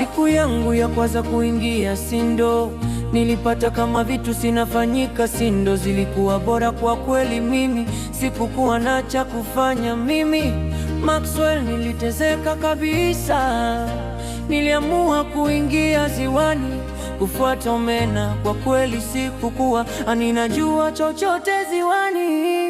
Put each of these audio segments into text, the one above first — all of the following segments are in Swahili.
Siku yangu ya kwanza kuingia sindo, nilipata kama vitu sinafanyika sindo. Zilikuwa bora kwa kweli, mimi sikukuwa na cha kufanya. Mimi Maxwell nilitezeka kabisa, niliamua kuingia ziwani kufuata omena. Kwa kweli sikukuwa aninajua chochote ziwani,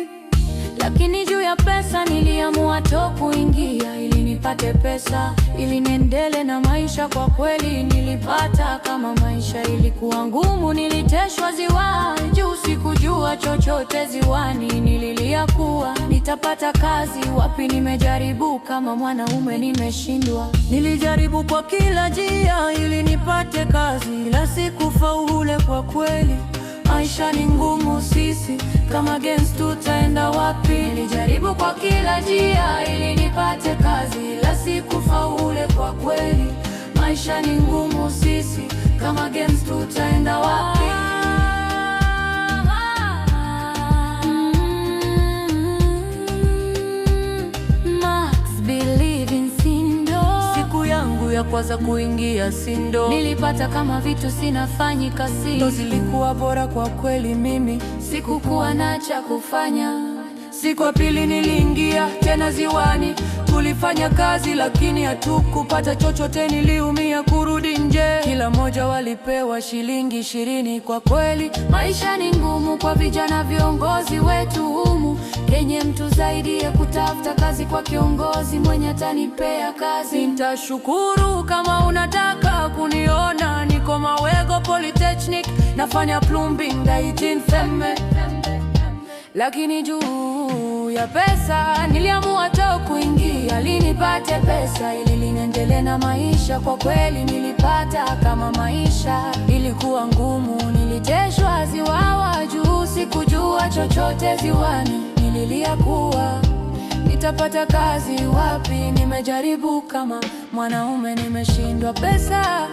lakini juu ya pesa niliamua to kuingia nipate pesa ili niendele na maisha. Kwa kweli nilipata kama maisha ilikuwa ngumu, niliteshwa ziwa juu, sikujua chochote ziwani. Nililia kuwa nitapata kazi wapi, nimejaribu kama mwanaume nimeshindwa. Nilijaribu kwa kila njia ili nipate kazi, la sikufaule kwa kweli. Maisha ni ngumu, sisi kama gens tutaenda wapi? Nilijaribu kwa kila njia ili nipate kazi, la sikufaule. Kwa kweli maisha ni ngumu, sisi kama games tutaenda wapi? Mm-hmm. yangu ya kwanza kuingia Sindo nilipata kama vitu sinafanyika, kasi, ndo zilikuwa bora kwa kweli. Mimi sikukuwa na cha kufanya Siku ya pili niliingia tena ziwani, tulifanya kazi lakini hatukupata chochote. Niliumia kurudi nje, kila mmoja walipewa shilingi ishirini. Kwa kweli maisha ni ngumu kwa vijana, viongozi wetu humu kenye mtu zaidi ya kutafuta kazi. Kwa kiongozi mwenye atanipea kazi, nitashukuru. Kama unataka kuniona niko Mawego Polytechnic, nafanya plumbing, daitin feme, lakini juu juu ya pesa, niliamua to kuingia, linipate pesa ili liniendelee na maisha. Kwa kweli nilipata kama maisha ilikuwa ngumu, niliteshwa ziwawa juu, sikujua chochote ziwani, nililia kuwa nitapata kazi wapi? Nimejaribu kama mwanaume, nimeshindwa pesa